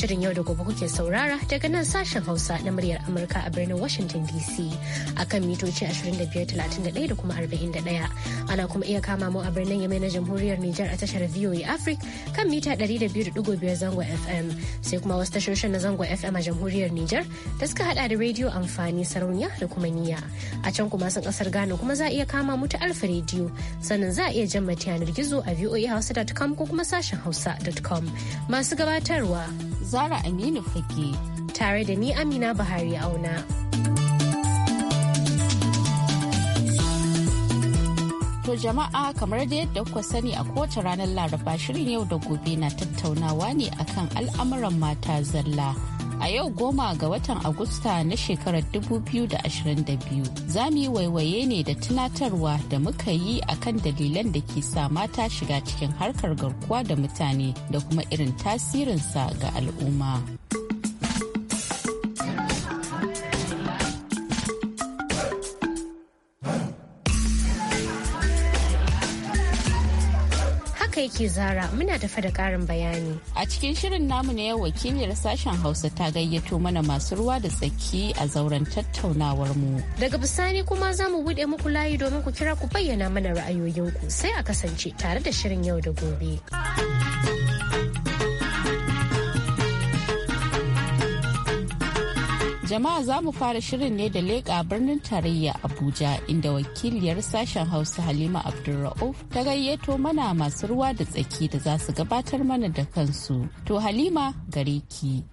Shirin yau da gobe kuke saurara daga nan sashen Hausa na muryar Amurka a birnin Washington DC a kan mitoci 2531 da kuma 41. Ana kuma iya kama mu a birnin Yamai na Jamhuriyar Nijar a tashar VOA Africa kan mita 200.5 zango FM sai kuma wasu tashoshin na zango FM a Jamhuriyar Nijar da suka hada da rediyo amfani sarauniya da kuma niya. A can kuma sun kasar Ghana kuma za a iya kama mu ta Alfa rediyo sannan za a iya jan mata yanar gizo a hausa.com ko kuma sashen hausa.com masu gabatarwa Zara Aminu Fage. Tare da ni Amina Buhari Auna. To jama'a kamar da yadda kuka sani a kowace ranar Laraba shirin yau da gobe na tattaunawa ne akan al'amuran mata zalla. a yau goma ga watan Agusta na shekarar 2022. Za mu yi waiwaye ne da tunatarwa da muka yi akan dalilan da ke sa mata shiga cikin harkar garkuwa da mutane da kuma irin tasirinsa ga al'umma. ke zara muna tafa da karin bayani. A cikin shirin namu na yau wakiliyar sashen Hausa ta gayyato mana masu ruwa da tsaki a zauren tattaunawar mu. Daga bisani kuma za mu buɗe muku layi domin ku kira ku bayyana mana ra'ayoyinku sai a kasance tare da shirin yau da gobe. Jama'a za mu fara shirin ne da leƙa birnin tarayya Abuja inda wakiliyar sashen Hausa Halima Abdulra'uf ta gayyato mana masu ruwa da tsaki da za su gabatar mana da kansu. To Halima gare ki.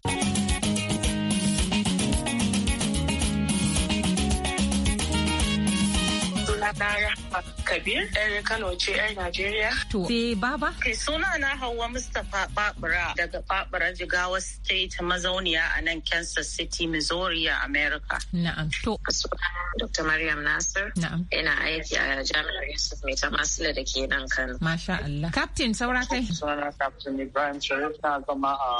Kabir, ɗan Kano ce yar Najeriya. To, sai baba? Kai eh, suna na Hauwa Mustapha Babura daga Babura Jigawa State mazauniya a nan Kansas City, Missouri a America. Na'am. To, Dr. Maryam Nasir. Na'am. Ina aiki a Jami'ar Yusuf Mai Tamasila da ke nan Kano. Masha Allah. Captain saura kai. Suna Captain Ibrahim Sharif na zama a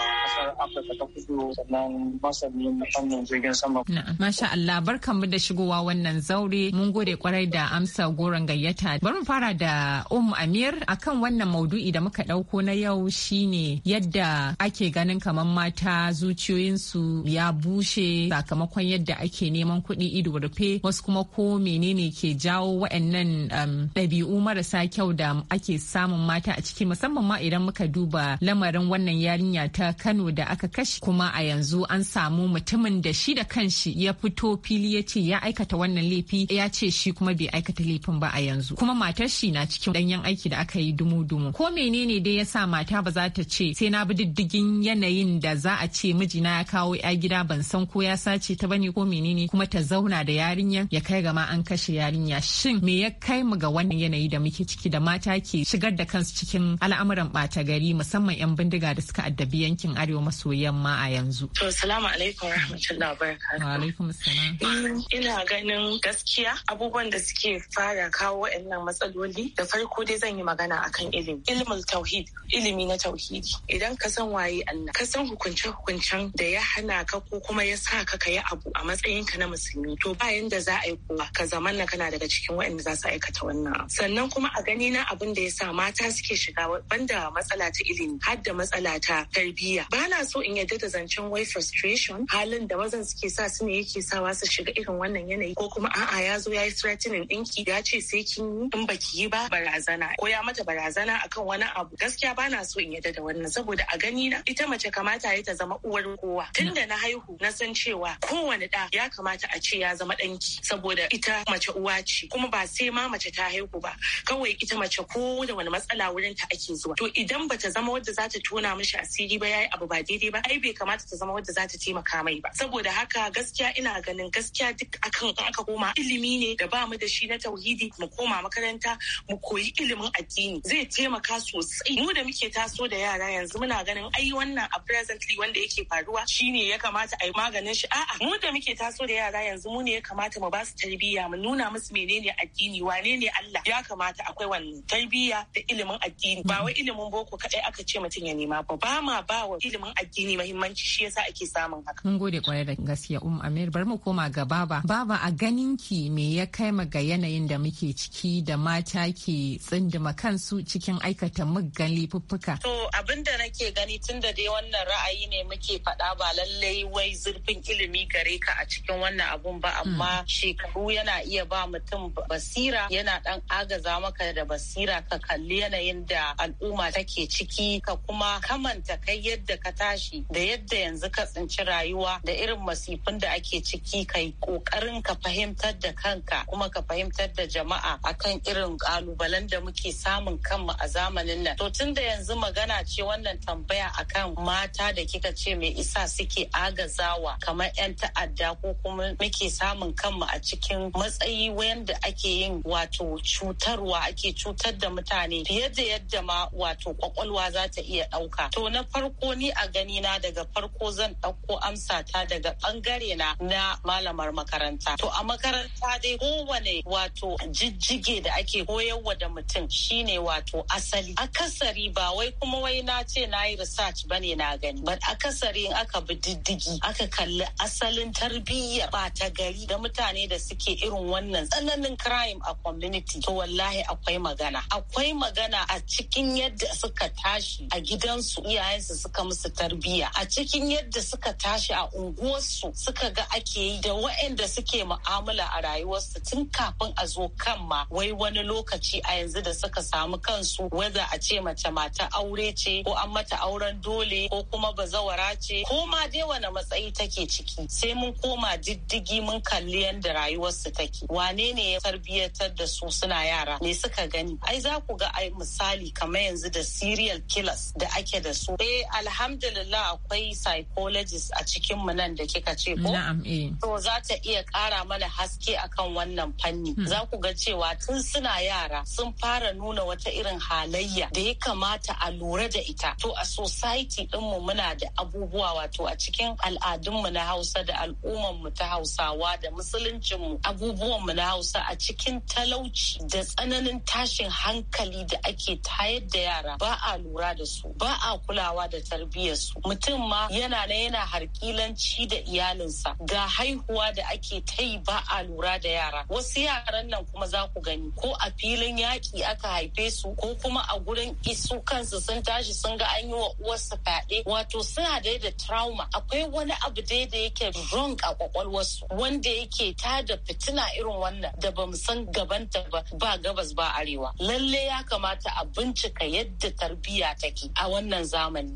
ƙasar Afirka ta Kudu sannan masanin fannin jirgin sama. Na'am. Masha Allah barkanmu da shigowa wannan zaure mun gode kwarai da amsa goron gayyata mutane. Bari mu fara da Um Amir akan wannan maudu'i da muka ɗauko na yau shine yadda ake ganin kamar mata zuciyoyinsu ya bushe sakamakon yadda ake neman kuɗi ido rufe wasu kuma ko menene ke jawo waɗannan um, ɗabi'u marasa kyau da ake samun mata a ciki musamman ma idan muka duba lamarin wannan yarinya ta Kano da aka kashe kuma a yanzu an samu mutumin da shi da kanshi ya fito fili ya ce ya aikata wannan laifi ya ce shi kuma bai aikata laifin ba a yanzu. yanzu kuma matar shi na cikin danyen aiki da aka yi dumu-dumu ko menene dai yasa mata ba za ta ce sai na bi diddigin yanayin da za a ce mijina ya kawo ya gida ban san ko ya sace ta bane ko menene kuma ta zauna da yarinya ya kai gama an kashe yarinya shin me ya kai mu ga wannan yanayi da muke ciki da mata ke shigar da kansu cikin al'amuran bata gari musamman 'yan bindiga da suka addabi yankin arewa maso yamma a yanzu. To salamu alaikum rahmatullahi wa alaikum salam. Eh, ina ganin gaskiya abubuwan da suke fara kawo waɗannan matsaloli da farko dai zan yi magana akan ilimi ilimin tauhid ilimi na tauhidi idan ka san waye Allah ka san hukunce hukuncen da ya hana ka ko kuma ya sa ka yi abu a matsayin ka na musulmi to ba yanda za a yi kowa ka zaman na kana daga cikin waɗanda za su aikata wannan sannan kuma a gani na abin da ya sa mata suke shiga banda matsala ta ilimi har da matsala ta tarbiyya ba na so in yadda da zancen wai frustration halin da mazan suke sa su ne yake sawa su shiga irin wannan yanayi ko kuma a'a ya zo ya yi threatening ɗinki ya ce sai kin in baki yi ba barazana ko ya mata barazana akan wani abu gaskiya ba na so in yadda da wannan saboda a gani na ita mace kamata ya ta zama uwar kowa tunda na haihu na san cewa kowane da ya kamata a ce ya zama danki saboda ita mace uwa ce kuma ba sai ma mace ta haihu ba kawai ita mace ko da wani matsala wurin ta ake zuwa to idan bata zama wadda za ta tona mishi asiri ba yayi abu ba daidai ba ai bai kamata ta zama wadda za ta taimaka mai ba saboda haka gaskiya ina ganin gaskiya duk akan aka koma ilimi ne da ba mu da shi na tauhidi mu koma koma makaranta mu koyi ilimin addini zai taimaka sosai mu da muke taso da yara yanzu muna ganin ai wannan a presently wanda yake faruwa shine ya kamata a yi maganin shi a'a mu da muke taso da yara yanzu mu ne ya kamata mu ba su tarbiyya mu nuna musu menene addini wane ne Allah ya kamata akwai wannan tarbiyya da ilimin addini ba wai ilimin boko kadai aka ce mutum ya nema ba ba ma ba wa ilimin addini muhimmanci shi yasa ake samun haka mun gode kwarai da gaskiya um Amir bar mu koma ga baba baba a ganin ki me ya kai ma ga yanayin da muke ciki ƙorafi da mata ke tsindima kansu cikin aikata muggan lifuffuka. To abin da nake gani tun da dai wannan ra'ayi ne muke faɗa ba lallai wai zurfin ilimi gare ka a cikin wannan abun ba amma hmm. shekaru yana iya ba mutum basira yana ɗan agaza maka da basira ka kalli yanayin da al'umma take ciki ka kuma kamanta kai yadda ka tashi da yadda yanzu ka tsinci rayuwa da irin masifin da ake ciki kai ƙoƙarin ka fahimtar da kanka kuma ka fahimtar da jama'a a kan irin kalubalen da muke samun kanmu a zamanin nan. To tun da yanzu magana ce wannan tambaya akan mata da kika ce mai isa suke agazawa kamar 'yan ta'adda ko kuma muke samun kanmu a cikin matsayi wanda ake yin wato cutarwa ake cutar da mutane fiye da yadda ma wato kwakwalwa za ta iya ɗauka. To na farko ni a gani na daga farko zan ɗauko amsa ta daga ɓangare na na malamar makaranta. To a makaranta dai kowane wato jijji rige da ake koyarwa da mutum shine wato asali akasari ba wai kuma wai na ce na yi research ne na gani ba akasari in aka bi diddigi aka kalli asalin tarbiyya ba ta gari da mutane da suke irin wannan tsananin crime a community to wallahi akwai magana akwai magana a cikin yadda suka tashi a gidansu iyayensu suka musu tarbiyya a cikin yadda suka tashi a unguwarsu suka ga ake yi da waɗanda suke mu'amala a rayuwarsu tun kafin a zo kan ma wai wani lokaci a yanzu da suka samu kansu waza a ce mace mata aure ce ko an mata auren dole ko kuma bazawara ce ko ma dai wani matsayi take ciki sai mun koma diddigi mun kalli yadda rayuwarsu take wane ne ya tarbiyyatar da su suna yara ne suka gani ai za ku ga ai misali kamar yanzu da serial killers da ake da su eh alhamdulillah akwai psychologist a cikin mu nan da kika ce ko eh. to za ta iya kara mana haske akan wannan fanni hmm. za ku ga cewa tun suna yara sun fara nuna wata irin halayya da ya kamata a lura da ita to a society dinmu muna da abubuwa wato a cikin al'adunmu na hausa da al'ummanmu ta hausawa da musuluncinmu abubuwanmu na hausa a cikin talauci da tsananin tashin hankali da ake tayar da yara ba a lura da su ba a kulawa da tarbiyyarsu mutum ma yana na yana harkilanci da iyalinsa ga haihuwa da ake ta yi ba a lura da yara wasu yaran nan kuma za ku gani ko a filin yaƙi aka haife su ko kuma a gurin isu kansu sun tashi sun ga an yi wa uwarsa fyaɗe wato suna da da trauma akwai wani abu dai da yake wrong a kwakwalwarsu wanda yake tada fitina irin wannan da bamu san gabanta ba ba gabas ba arewa lalle ya kamata a bincika yadda tarbiyya take a wannan zamani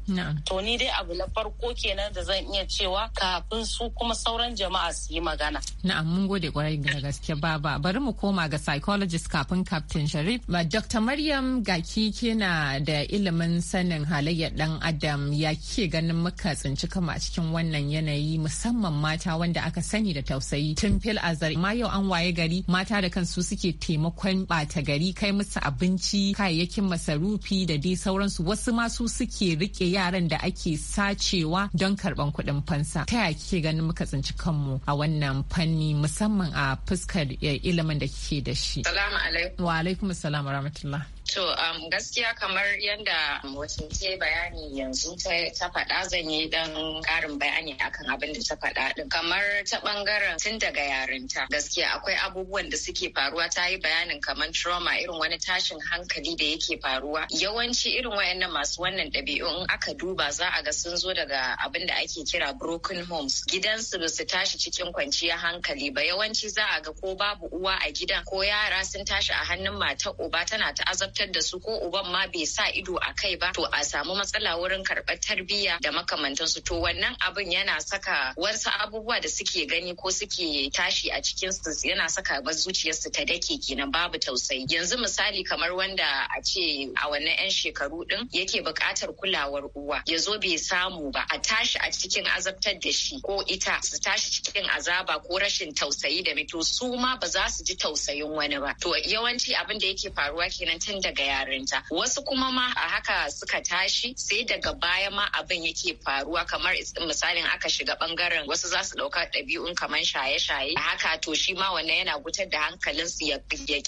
to ni dai abu na farko kenan da zan iya cewa kafin su kuma sauran jama'a su yi magana na'am mun gode kwarai da gaske baba bari mu koma ga psychology psychologist kafin Captain Sharif. Dr. Maryam Gaki kina da ilimin sanin halayyar dan Adam ya ke ganin muka tsinci kama a cikin wannan yanayi musamman mata wanda aka sani da tausayi tun fil azari. Ma yau an waye gari mata da kansu suke taimakon bata gari kai musu abinci kayayyakin masarufi da dai sauransu wasu ma su suke rike yaran da ake sacewa don karban kuɗin fansa. Ta yaya kike ganin muka tsinci kanmu a wannan fanni musamman a fuskar eh, ilimin da kike da shi? Salamu alaikum. Wa alaikum salam wa rahmatullah. To um, gaskiya kamar yadda wasu ce bayani yanzu ta faɗa zan yi dan ƙarin bayani akan abin da ta faɗa din. Kamar ta ɓangaren tun daga yarinta gaskiya akwai abubuwan da suke faruwa ta yi bayanin kamar trauma irin wani tashin hankali da yake faruwa. Yawanci irin wayannan masu wannan ɗabi'u in aka duba za a ga sun zo daga abin da ake kira broken homes. Gidansu ba su tashi cikin kwanciyar hankali ba yawanci za a ga ko babu uwa a gidan ko yara sun tashi a hannun matar uba tana ta azab azabtar da su ko uban ma bai sa ido a kai ba to a samu matsala wurin karɓar tarbiyya da makamantansu to wannan abin yana saka wasu abubuwa da suke gani ko suke tashi a cikin su yana saka ba zuciyarsu ta dake kenan babu tausayi yanzu misali kamar wanda a ce a wannan 'yan shekaru din yake buƙatar kulawar uwa ya zo bai samu ba a tashi a cikin azabtar da shi ko ita su tashi cikin azaba ko rashin tausayi da mito su ma ba za su ji tausayin wani ba to yawanci abin da yake faruwa kenan tun daga yarinta wasu kuma ma a haka suka tashi sai daga baya ma abin yake faruwa kamar misalin aka shiga bangaren wasu za su ɗauka ɗabi'un kamar shaye-shaye a haka to shi ma wannan yana gutar da hankalin su ya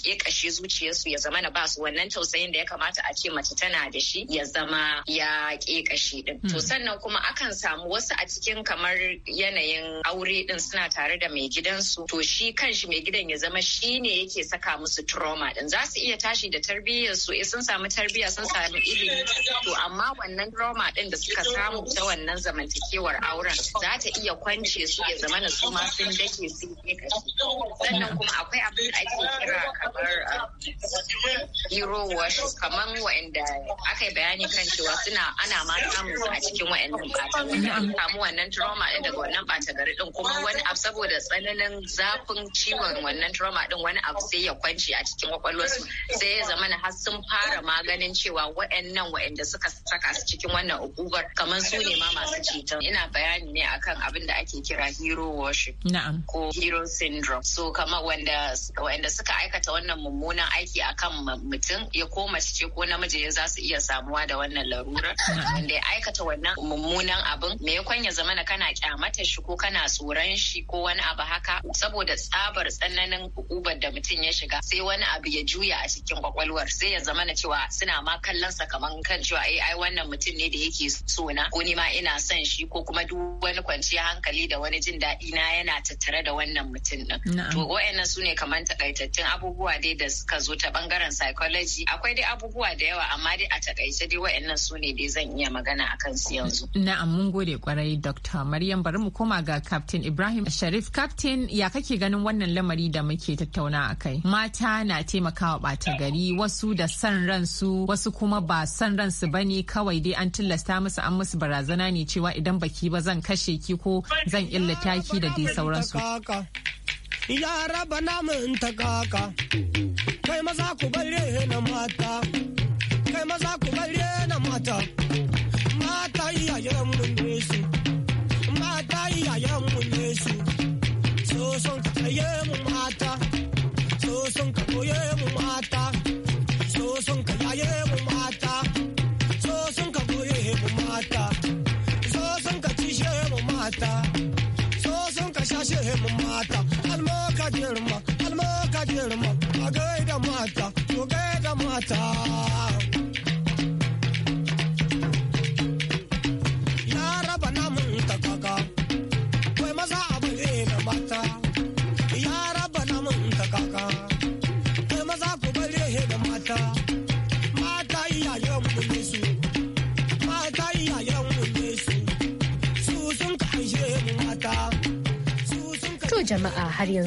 ƙeƙashe zuciyarsu ya zama na ba su wannan tausayin da ya kamata a ce mace tana da shi ya zama ya kashe din to hmm. sannan kuma akan samu wasu a cikin kamar yanayin aure din suna tare da mai gidansu to shi kanshi mai gidan ya zama shi ne yake saka musu trauma din za su iya tashi da tarbiyya tarbiyyar su eh, sun samu tarbiyya sun samu ilimi to amma wannan trauma din da suka samu ta wannan zamantakewar auren za ta iya kwance su ya zama na su ma sun dake su ne sannan kuma akwai abin da ake kira kamar eh, hero wash kamar wa'anda aka yi bayani kan cewa suna ana ma samun a cikin wa'annan ɓata samu wannan trauma din daga wannan ɓata gari din kuma wani abu saboda tsananin zafin ciwon wannan trauma din wani abu sai ya kwance a cikin kwakwalwarsu sai ya zama na sun fara maganin cewa waɗannan waɗanda suka saka su cikin wannan ugubar kamar su ne ma masu cutar ina bayani ne akan abin da ake kira hero worship na'am ko hero syndrome so kamar wanda waɗanda suka aikata wannan mummunan aiki akan mutum ya ko ce ko namiji ya za su iya samuwa da wannan larurar wanda ya aikata wannan mummunan abin me ya zama na kana kyamata shi ko kana tsoron shi ko wani abu haka saboda tsabar tsananin ugubar da mutum ya shiga sai wani abu ya juya a cikin kwakwalwar sai ya zama na cewa suna ma kallon sa kaman kan cewa ai eh, ai wannan mutum ne da yake so na ko ni ma ina son shi ko kuma duk wani kwanciya hankali da wani jin daɗi na yana tattare da wannan mutum din to wayannan su ne kaman takaitattun abubuwa dai da suka zo ta bangaren psychology akwai dai abubuwa da yawa amma dai a takaice dai wayannan su ne dai zan iya magana akan su yanzu na'am mun gode kwarai dr maryam bari mu koma ga captain ibrahim sharif captain ya kake ganin wannan lamari da muke tattauna akai mata na taimakawa ɓata gari wasu da san ransu wasu kuma ba san ransu ba ne kawai dai an tilasta musu an musu barazana ne cewa idan baki ba zan kashe ki ko zan illata ki da dai sauransu. kai maza ku bare na mata, kai maza ku bare na mata.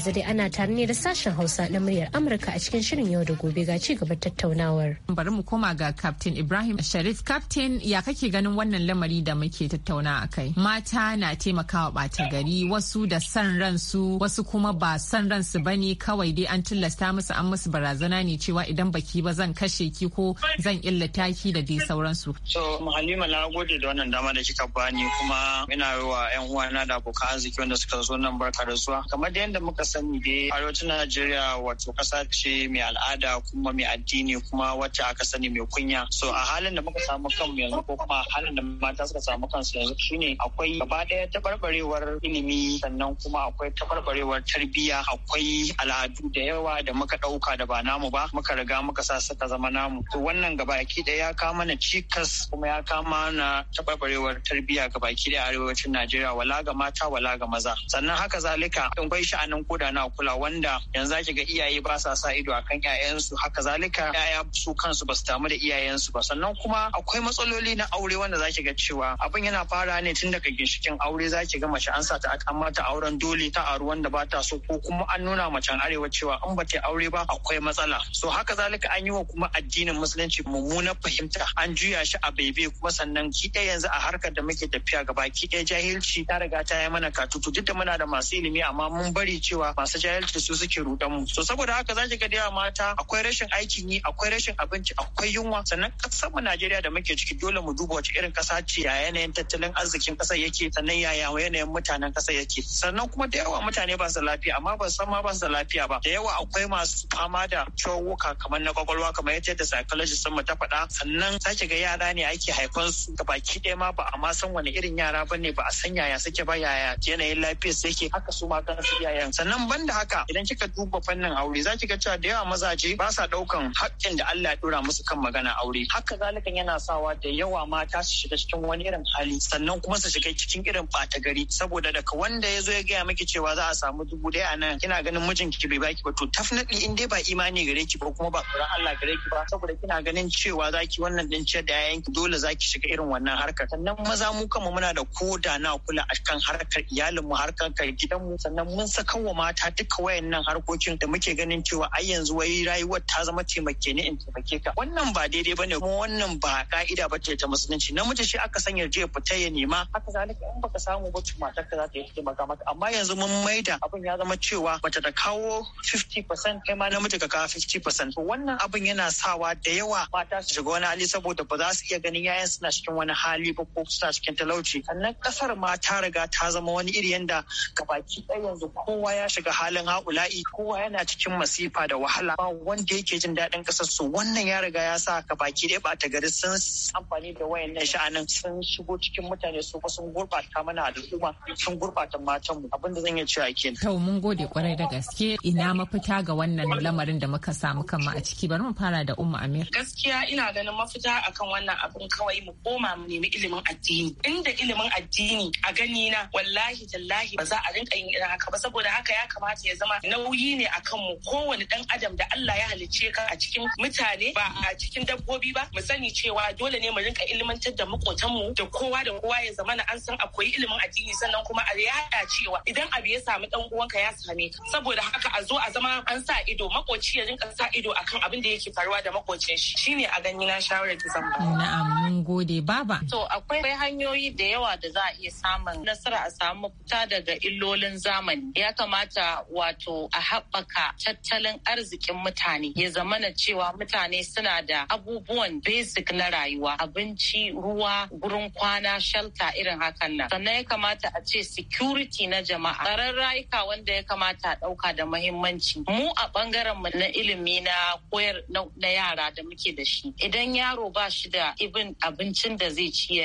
yanzu dai ana tare ne da sashen Hausa na muryar Amurka a cikin shirin yau da gobe ga ci gaba tattaunawar. Bari mu koma ga Captain Ibrahim Sharif. Captain ya kake ganin wannan lamari da muke tattauna a kai? Mata na taimakawa bata gari wasu da san ransu wasu kuma ba san ransu bane kawai dai an tilasta musu an musu barazana ne cewa idan baki ba zan kashe ki ko zan illata ki da dai sauransu. So Halima na gode da wannan dama da kika bani kuma ina yi wa 'yan uwana da abokan arziki wanda suka zo nan barka da zuwa. Kamar da yadda muka sani dai arewacin Najeriya wato kasa ce mai al'ada kuma mai addini kuma wacce aka sani mai kunya. So a halin da muka samu mu yanzu ko kuma halin da mata suka samu kan su yanzu shine akwai gaba ɗaya tabarbarewar ilimi sannan kuma akwai tabarbarewar tarbiyya akwai al'adu da yawa da muka ɗauka da ba namu ba muka riga muka sa suka zama namu. To wannan gaba ɗaya ya kama na cikas kuma ya kama na tabarbarewar tarbiyya gaba ɗaya arewacin Najeriya wala ga mata wala ga maza. Sannan haka zalika in kwai sha'anin koda na kula wanda yanzu zaki ga iyaye ba sa sa ido akan ƴaƴansu haka zalika ƴaƴa su kansu ba su damu da iyayensu ba sannan kuma akwai matsaloli na aure wanda zaki ga cewa abin yana fara ne tun daga ginshikin aure zaki ga mace an sa ta an mata auren dole ta aru wanda ba ta so ko kuma an nuna mace an arewa cewa in ba ta aure ba akwai matsala so haka zalika an yi wa kuma addinin musulunci mummunar fahimta an juya shi a baibe kuma sannan ki yanzu a harkar da muke tafiya gaba ki jahilci ta riga ta yi mana katutu duk da muna da masu ilimi amma mun bari cewa ba masu jahilci su suke rudan mu so saboda haka zaki ga da mata akwai rashin aikin yi akwai rashin abinci akwai yunwa sannan kasar mu Najeriya da muke ciki dole mu duba wace irin kasa ce ya yanayin tattalin arzikin kasar yake sannan ya yanayin mutanen kasar yake sannan kuma da yawa mutane ba su lafiya amma ba san ma ba su lafiya ba da yawa akwai masu fama da ciwuka kamar na kwakwalwa kamar yadda psychologist sun mu ta faɗa sannan sake ga yara ne ake haifan su ga baki ɗaya ma ba a ma san wani irin yara ba ne ba a san yaya suke ba yaya yanayin lafiyar su yake haka su ma su yayan sannan ban da haka idan kika duba fannin aure za ki ga cewa da yawa mazaje ba sa daukan haƙƙin da Allah ya dora musu kan magana aure haka zalikan yana sawa da yawa mata su shiga cikin wani irin hali sannan kuma su shiga cikin irin ɓata gari saboda daga wanda ya zo ya gaya miki cewa za a samu dubu daya nan kina ganin mijin ki bai baki ba to tafnaɗi in dai ba imani gare ki ba kuma ba tsoron Allah gare ki ba saboda kina ganin cewa za ki wannan din ciyar da yayanki dole za ki shiga irin wannan harkar sannan maza mu kama muna da koda na kula kan harkar iyalinmu harkar gidanmu sannan mun saka wa mata duka wayannan harkokin da muke ganin cewa ai yanzu wai rayuwar ta zama taimake ni in taimake ka wannan ba daidai bane kuma wannan ba ka'ida ba ce ta musulunci namiji shi aka sanya jiya fita ya nema haka zalika in baka samu ba matar ka za ta yi taimaka maka amma yanzu mun maida abin ya zama cewa bata da kawo 50% kai ma namiji ka kawo 50% wannan abin yana sawa da yawa mata su shiga wani hali saboda ba za su iya ganin yayan suna cikin wani hali ba ko suna cikin talauci sannan kasar ma ta riga ta zama wani iri yanda gabaki ɗaya yanzu kowa ya shiga halin haula'i kowa yana cikin masifa da wahala ba wanda yake jin daɗin ƙasar su wannan ya riga ya sa ka baki ɗaya ta gari sun amfani da wayannan sha'anin sun shigo cikin mutane su ba sun gurɓata mana al'umma sun gurɓata matanmu abin da zan iya cewa kenan. To mun gode kwarai da gaske ina mafita ga wannan lamarin da muka samu kanmu a ciki bari mu fara da Umma Amir. Gaskiya ina ganin mafita akan wannan abin kawai mu koma mu nemi ilimin addini inda ilimin addini a gani na wallahi tallahi ba za a rinka yin irin haka ba saboda haka ya kamata ya zama nauyi ne a kanmu kowane dan adam da Allah ya halicce ka a cikin mutane ba a cikin dabbobi ba mu sani cewa dole ne mu rinka ilmantar da makotanmu da kowa da kowa ya zama na an san akwai ilimin addini sannan kuma a yada cewa idan abu ya samu dan uwanka ya same ka saboda haka a zo a zama an sa ido makoci ya rinka sa ido akan abin da yake faruwa da makocin shi shine a gani na shawarar da zan ba na'am mun gode baba to akwai hanyoyi da yawa da za a iya samun nasara a samu fita daga illolin zamani ya kamata wato a haɓaka tattalin arzikin mutane ya zamana cewa mutane suna da abubuwan basic na rayuwa abinci ruwa gurin kwana shelter irin hakan nan sannan ya kamata a ce security na jama'a tsaron rayuka wanda ya kamata a ɗauka da mahimmanci mu a ɓangaren mu na ilimi na koyar na yara da muke da shi idan yaro ba shi da ibin abincin da zai ci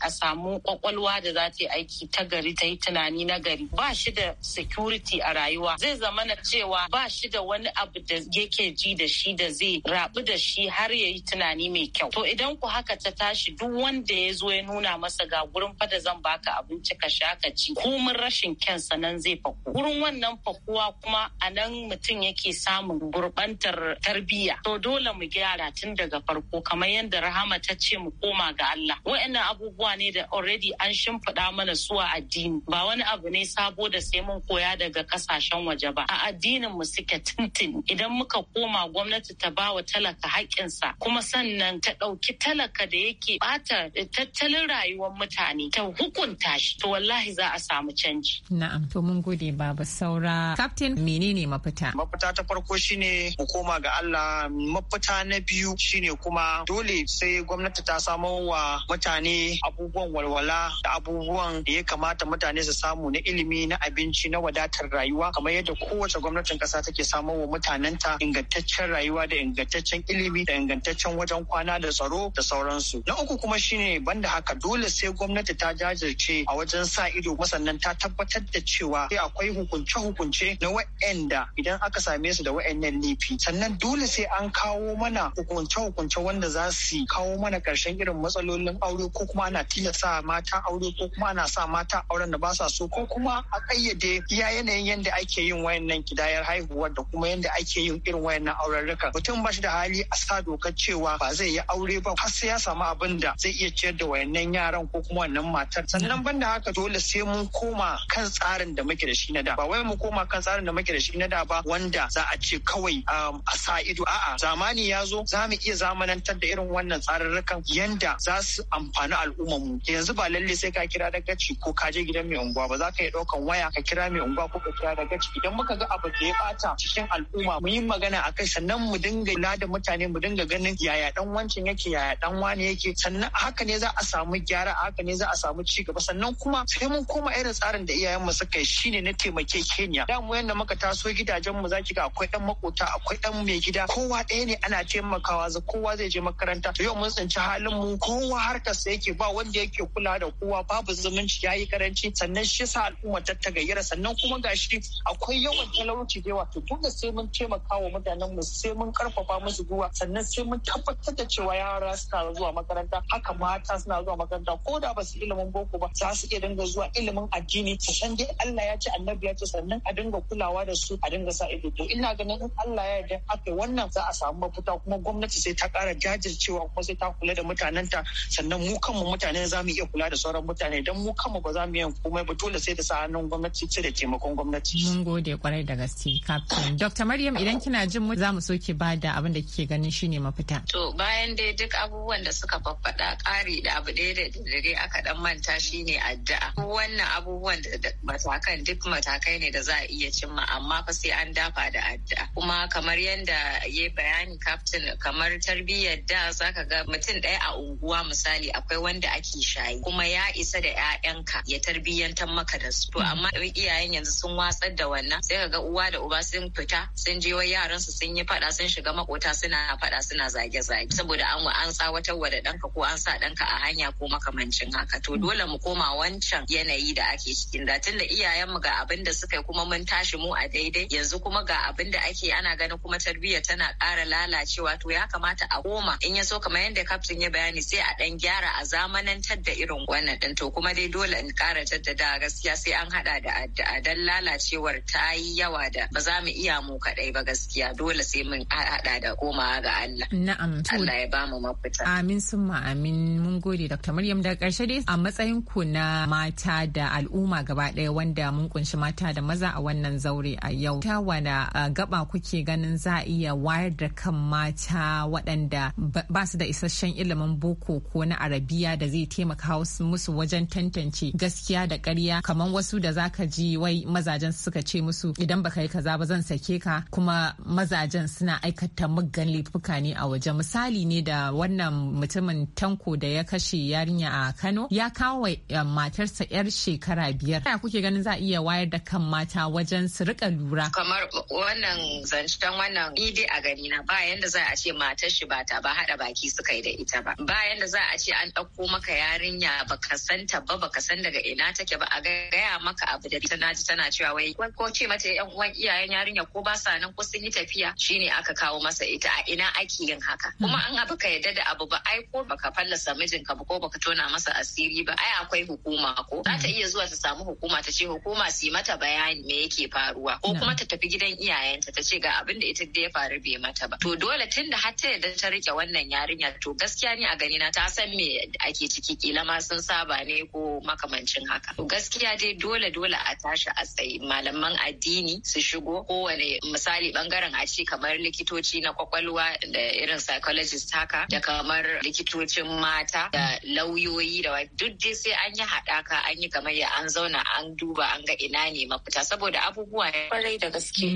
a samu kwakwalwa da za ta yi aiki ta gari ta yi tunani na gari ba shi da security a rayuwa zai zama na cewa ba shi da wani abu da yake ji da shi da zai rabu da shi har ya yi tunani mai kyau to idan ku haka ta tashi duk wanda ya zo ya nuna masa ga gurin fada zan baka abinci ka sha ka ci mun rashin kyan nan zai faku gurin wannan fakuwa kuma a nan mutum yake samun gurbantar tarbiyya to dole mu gyara tun daga farko kamar yadda rahama ta ce mu koma ga Allah wa'annan abubuwa ne da already an shimfiɗa mana su a addini ba wani abu ne sabo da sai mun koya daga kasashen waje ba a addinin mu suke tintin idan muka koma gwamnati ta ba wa talaka haƙƙinsa kuma sannan ta ɗauki talaka da yake bata tattalin rayuwar mutane ta hukunta shi to wallahi za a samu canji na'am to mun gode babu saura captain menene mafita mafita ta farko shine mu koma ga Allah mafita na biyu shine kuma dole sai gwamnati ta samo wa mutane abubuwan walwala da abubuwan da ya kamata mutane su samu na ilimi na abinci na wadatar rayuwa kamar yadda kowace gwamnatin kasa take samo wa mutanenta ingantaccen rayuwa da ingantaccen ilimi da ingantaccen wajen kwana da tsaro da sauransu. Na uku kuma shine banda haka dole sai gwamnati ta jajirce a wajen sa ido masannan ta tabbatar da cewa sai akwai hukunce-hukunce na wa'anda idan aka same su da wa'annan nufi Sannan dole sai an kawo mana hukunce-hukunce wanda za su kawo mana karshen irin matsalolin aure ko kuma ana tilasta mata aure ko kuma ana sa mata auren da ba sa so ko kuma a kayyade iya yanayin yadda ake yin wayannan kidayar haihuwar da kuma yadda ake yin irin wayannan aurarrukan mutum ba shi da hali a sa dokar cewa ba zai yi aure ba har sai ya samu abin da zai iya ciyar da wayannan yaran ko kuma wannan matar sannan banda haka dole sai mun koma kan tsarin da muke da shi na da ba wai mu koma kan tsarin da muke da shi na da ba wanda za a ce kawai um, a sa ido a'a zamani ya zo za mu iya zamanantar da irin wannan tsararrukan yanda za su amfani al'umma mu yanzu ba lalle sai ka kira ci ko ka je gidan mai unguwa ba za ka iya ɗaukan waya ka kira mai unguwa ko ka fita daga ciki idan muka ga abu da ya bata cikin al'umma mu yi magana a kai sannan mu dinga kula da mutane mu dinga ganin yaya dan wancan yake yaya dan wani yake sannan haka ne za a samu gyara haka ne za a samu ci gaba sannan kuma sai mun koma irin tsarin da iyayen mu suka yi shine na taimakekeniya da mu yanda muka taso gidajen mu zaki ga akwai dan makota akwai dan mai gida kowa ɗaya ne ana taimakawa za kowa zai je makaranta to yau mun tsinci halin mu kowa harkar sa yake ba wanda yake kula da kowa babu zumunci yayi karanci sannan shi sa al'umma ta tagayyara sannan kuma gashi shi akwai yawan talauci da yawa to dole sai mun taimaka wa mutanen mu sai mun karfafa musu gwiwa sannan sai mun tabbatar da cewa yara suna zuwa makaranta haka mata suna zuwa makaranta ko da ba su ilimin boko ba za su iya dinga zuwa ilimin addini su san dai Allah ya ce annabi ya ce sannan a dinga kulawa da su a dinga sa ido to ina ganin in Allah ya yarda aka wannan za a samu mafita kuma gwamnati sai ta kara jajircewa kuma sai ta kula da mutanenta sannan mu kanmu mutane za mu iya kula da sauran mutane don mu kanmu ba za mu yi komai ba dole sai da sa hannun gwamnati sai da taimakon gwamnati gwamnati. Mun gode kwarai da gaske kafin. Dr. Maryam idan kina jin mu za mu so ki da abin da kike ganin shi ne mafita. To bayan dai duk abubuwan da suka faffaɗa ƙari da abu ɗaya da dare aka dan manta shine addu'a. Wannan abubuwan da matakan duk matakai ne da za a iya cimma amma fa sai an dafa da addu'a. Kuma kamar yadda ya bayani kaftin kamar tarbiyyar da za ka ga mutum ɗaya a unguwa misali akwai wanda ake shayi kuma ya isa da 'ya'yanka ya tarbiyyantar maka da su. To amma iyayen yanzu sun watsar da wannan sai ka ga uwa da uba sun fita sun je wai yaran su sun yi fada sun shiga makota suna fada suna zage zage saboda an an wa da danka ko an sa danka a hanya ko makamancin haka to dole mu koma wancan yanayi da ake cikin da tunda iyayen mu ga abin da suka yi kuma mun tashi mu a daidai yanzu kuma ga abin da ake ana ganin kuma tarbiyya tana ƙara lalacewa to ya kamata a koma in ya so kamar yadda kaftin ya bayani sai a dan gyara a zamanantar da irin wannan din to kuma dai dole in ƙara jaddada gaskiya sai an hada da dan lalacewa. lalacewar ta yi yawa da ba za mu iya mu kaɗai ba gaskiya dole sai mun haɗa da komawa ga Allah. Na'am. Allah ya ba mu mafita. Amin ma amin mun gode Dr. Maryam da ƙarshe dai a matsayin ku na mata da al'umma gaba ɗaya wanda mun kunshi mata da maza a wannan zaure a yau. Ta wana gaba kuke ganin za a iya wayar da kan mata waɗanda ba su da isasshen ilimin boko ko na arabiya da zai taimaka musu wajen tantance gaskiya da ƙarya kamar wasu da zaka ji wai mazajen mazajen suka ce musu idan baka yi kaza ba zan sake ka kuma mazajen suna aikata muggan laifuka ne a waje misali ne da wannan mutumin tanko da ya kashe yarinya a Kano ya kawo eh, matarsa yar shekara biyar. Ya kuke ganin za a iya wayar da kan mata wajen su rika lura. Kamar wannan zancen wannan ni a gani na ba yanda za a ce matar shi ba ta ba hada baki suka yi da ita ba. Ba yanda za a ce an ɗauko maka yarinya baka san ta ba baka san daga ina take ba a gaya maka abu da ita naji tana cewa cewa wai ko ce mata yan uwan iyayen yarinya ko ba sa nan ko sun yi tafiya shine aka kawo masa ita a ina ake yin haka hmm. kuma an abu ka yadda da abu ba ai ko baka fallasa mijinka ba ko baka tona masa asiri ba ai akwai hukuma ko hmm. za ta iya zuwa ta samu hukuma ta ce hukuma su yi mata bayani me yake faruwa ko hmm. kuma ta tafi gidan iyayenta ta ce ga abin da ita da ya faru bai mata ba to dole tunda har ta yadda ta rike wannan yarinya to gaskiya ne a gani na ta san me ake ciki kila ma sun saba ne ko makamancin haka to gaskiya dai dole dole a tashi a tsaye malaman addini su shigo kowane misali bangaren a ce kamar likitoci na kwakwalwa da irin psychologist haka da kamar likitocin mata da lauyoyi da duk dai sai an yi haɗaka an yi kamar ya an zauna an duba an ga ina ne mafita saboda abubuwa kwarai da gaske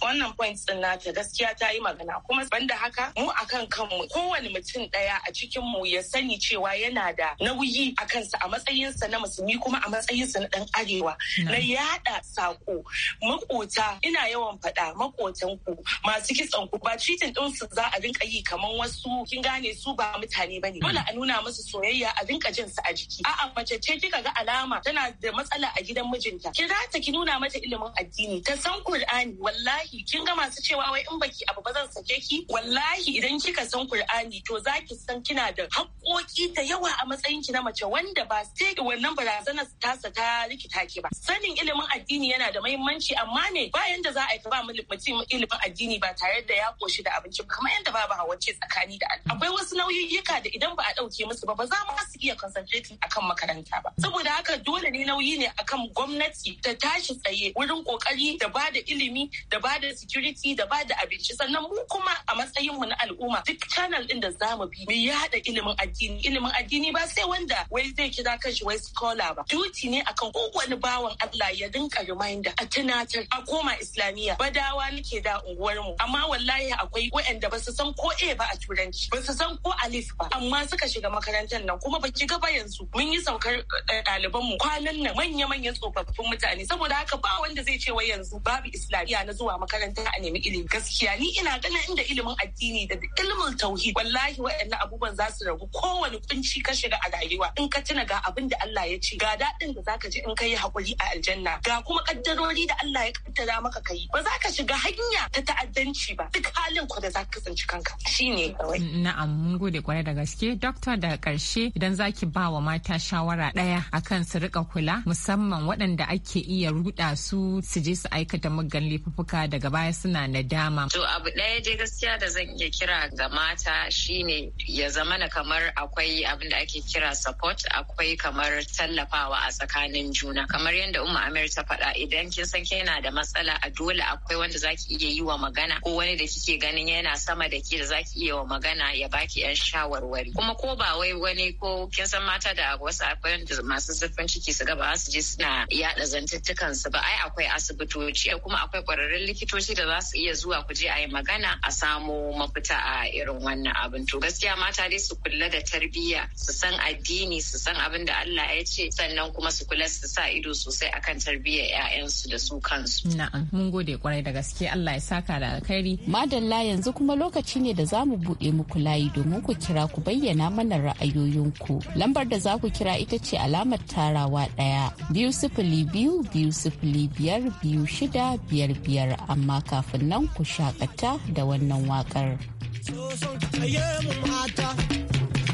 wannan point din nata gaskiya ta yi magana kuma banda haka mu akan kanmu kowane mutum ɗaya a cikin mu ya sani cewa yana da nauyi a kansa a matsayinsa na musulmi kuma a matsayinsa na ɗan arewa na yaɗa ku makota ina yawan faɗa makotan ku masu kitson ku ba titin din su za a rinka yi kaman wasu kin gane su ba mutane ne. Hmm. dole a nuna musu soyayya a rinka jin su a jiki a'a mace ce kika ga alama tana da matsala a gidan mijinta kin rata ki nuna mata ilimin addini ta san Qur'ani wallahi kin ga masu cewa wai in baki abu ba zan sake ki wallahi idan kika san Qur'ani to zaki san kina da haƙoƙi ta yawa a matsayin ki na mace wanda ba sai wannan barazanar tasa ta rikita ki ba sanin ilimin addini yana da mahimmanci amma ne bayan da za a yi ba mutum ilimin addini ba tare da ya koshi da abinci kamar yanda ba hawa ce tsakani da al'umma. akwai wasu nauyiyyuka da idan ba a dauke musu ba ba za mu su iya concentrating akan makaranta ba saboda haka dole ne nauyi ne akan gwamnati ta tashi tsaye wurin kokari da ba da ilimi da ba da security da ba da abinci sannan mu kuma a matsayin mu na al'umma duk channel din da za mu bi mu yada ilimin addini ilimin addini ba sai wanda wai zai kira kanshi wai scholar ba duty ne akan kowane bawan Allah ya dinka time da a tunatar a koma islamiyya badawa nake da unguwar mu amma wallahi akwai waɗanda ba su san ko e ba a turanci ba su san ko alif ba amma suka shiga makarantar nan kuma baki ga ba yanzu mun yi saukar eh, ɗaliban mu kwanan nan manya-manyan tsofaffin mutane saboda haka ba wanda zai ce wai yanzu babu islamiyya na zuwa makarantar a nemi ilimi gaskiya ni ina ganin inda ilimin addini da ilimin tauhid wallahi waɗannan abubuwan za su ragu kowane kunci ka shiga a rayuwa in ka tuna ga abin da Allah ya ce ga daɗin da zaka ji in ka yi haƙuri a aljanna ga kuma kaddarori da Allah ya kaddara maka kai ba za ka shiga hanya ta ta'addanci ba duk halin ku da za ka tsinci kanka shine kawai na'am mun gode kwarai da gaske doctor da karshe idan zaki ba wa mata shawara daya akan su rika kula musamman waɗanda ake iya ruɗa su su je su aikata muggan laifuka daga baya suna nadama to abu daya dai gaskiya da zan iya kira ga mata shine ya zama zamana kamar akwai abin da ake kira support akwai kamar tallafawa a tsakanin juna kamar yadda umma amir ta faɗa idan kin san kina da matsala a dole akwai wanda zaki iya yi wa magana ko wani da kike ganin yana sama da ke da zaki iya wa magana ya baki yan shawarwari kuma ko ba wai wani ko kin san mata da wasu akwai wanda masu zurfin ciki su gaba su je suna yada zantuttukan su ba ai akwai asibitoci kuma akwai kwararrun likitoci da za su iya zuwa ku je a yi magana a samo mafita a irin wannan abin to gaskiya mata dai su kula da tarbiyya su san addini su san abin da Allah ya ce sannan kuma su kula su sa ido sosai akan tarbiyyar ya'ya 'ya'yansu da su kansu. Na'am, mun gode kwarai da gaske Allah ya saka da alkhairi. Madalla yanzu kuma lokaci ne da za mu buɗe muku layi domin ku kira ku bayyana mana ra'ayoyinku. Lambar da za ku kira ita ce alamar tarawa ɗaya biyu sifili biyu biyu sifili biyar biyu shida biyar biyar amma kafin nan ku shakata da wannan waƙar. So son ka mu mata,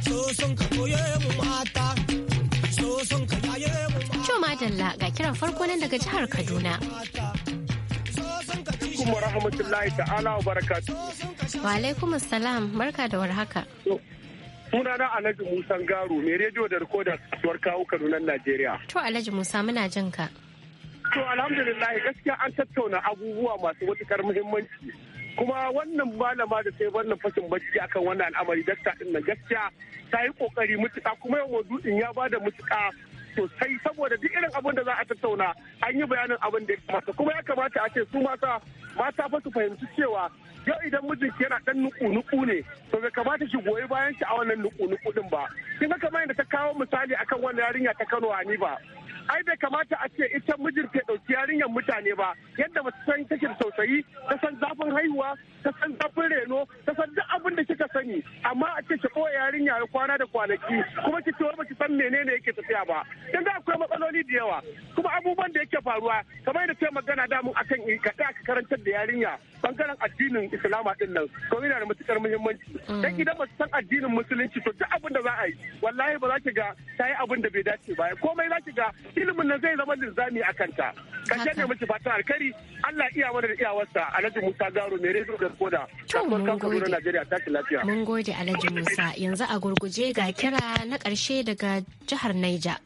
so son ka mu mata. Juma Dalla ga kiran farko nan daga jihar Kaduna. Kuma rahmatullahi ta'ala wa Wa alaikum assalam barka da warhaka. Suna na Alhaji Musa Garu mai rediyo da rikoda kasuwar kawo Kaduna Najeriya. To Alhaji Musa muna jinka To alhamdulillah gaskiya an tattauna abubuwa masu matukar muhimmanci. kuma wannan malama da sai wannan fashin bacci akan wannan al'amari dakta din nan gaskiya ta yi kokari mutuka kuma yau maudu'in ya bada mutuka sosai saboda duk irin abin da za a tattauna an yi bayanin abin da ya kamata kuma ya kamata a ce su mata mata fa su fahimci cewa yau idan mijinki yana dan nuku-nuku ne to bai kamata shi goyi bayan shi a wannan nuku-nuku din ba kin ga kamar yadda ta kawo misali akan wannan yarinya ta Kano ba ai bai kamata a ce ita mijin ta ɗauki yarinyar mutane ba yadda ba san take da tausayi ta san zafin haihuwa ta san zafin reno ta san duk abin da kika sani amma a ce ki ɓoye yarinya da kwana da kwanaki kuma ki ce wai baki san menene yake tafiya ba dan da akwai matsaloli da yawa kuma abubuwan da yake faruwa kamar da kai magana da mu akan ka ka karantar da yarinya bangaren addinin islama din nan to yana da matukar muhimmanci mm. dan idan ba san addinin musulunci to duk abin da za a yi wallahi ba za ki ga ta yi abin da bai dace ba komai za ki ga ilimin nan zai zama linzami a kanta kashe ne mace fatan alkari Allah iya mana da iyawarsa Alhaji Musa Garo mai rediyo da koda to mun gode mun gode Alhaji Musa yanzu a gurguje ga kira na karshe daga jihar Niger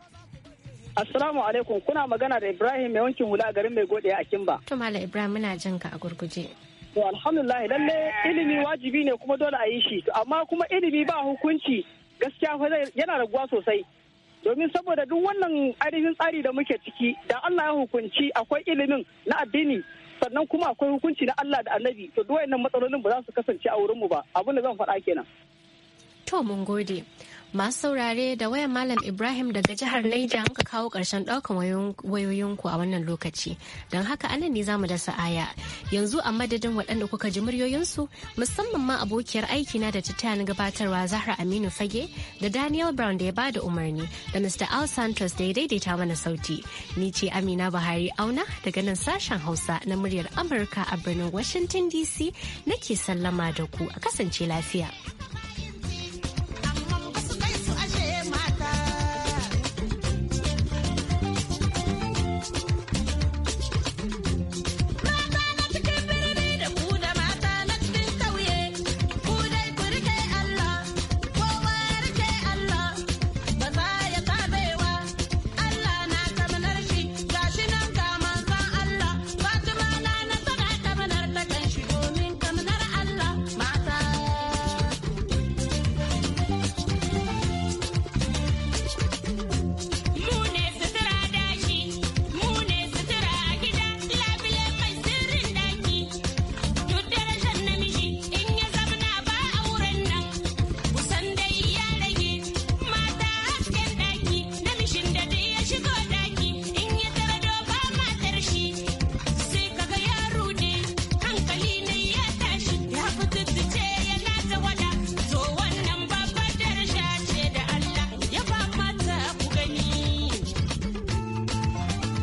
Assalamu alaikum kuna magana da Ibrahim mai wankin hula a garin mai gode a Kimba to Malam Ibrahim muna jin ka a gurguje to alhamdulillah lalle ilimi wajibi ne kuma dole a yi shi amma kuma ilimi ba hukunci gaskiya fa yana raguwa sosai domin saboda duk wannan ainihin tsari da muke ciki da Allah ya hukunci akwai ilimin na addini sannan kuma akwai hukunci na Allah da annabi to duk wayannan matsalolin ba za su kasance a wurinmu ba abin da zan faɗa kenan to mun gode Masu saurare da wayan Malam Ibrahim daga jihar Naija muka kawo ƙarshen ɗaukan wayoyinku a wannan lokaci. Don haka anan ne zamu dasa aya. Yanzu a madadin waɗanda kuka ji muryoyinsu musamman ma abokiyar aiki na da ta tayani gabatarwa Zahra Aminu Fage da Daniel Brown da ya ba da umarni da Mr. Al Santos da ya daidaita mana sauti. Ni ce Amina Buhari Auna daga nan sashen Hausa na muryar Amurka a birnin Washington DC nake sallama da ku a kasance lafiya.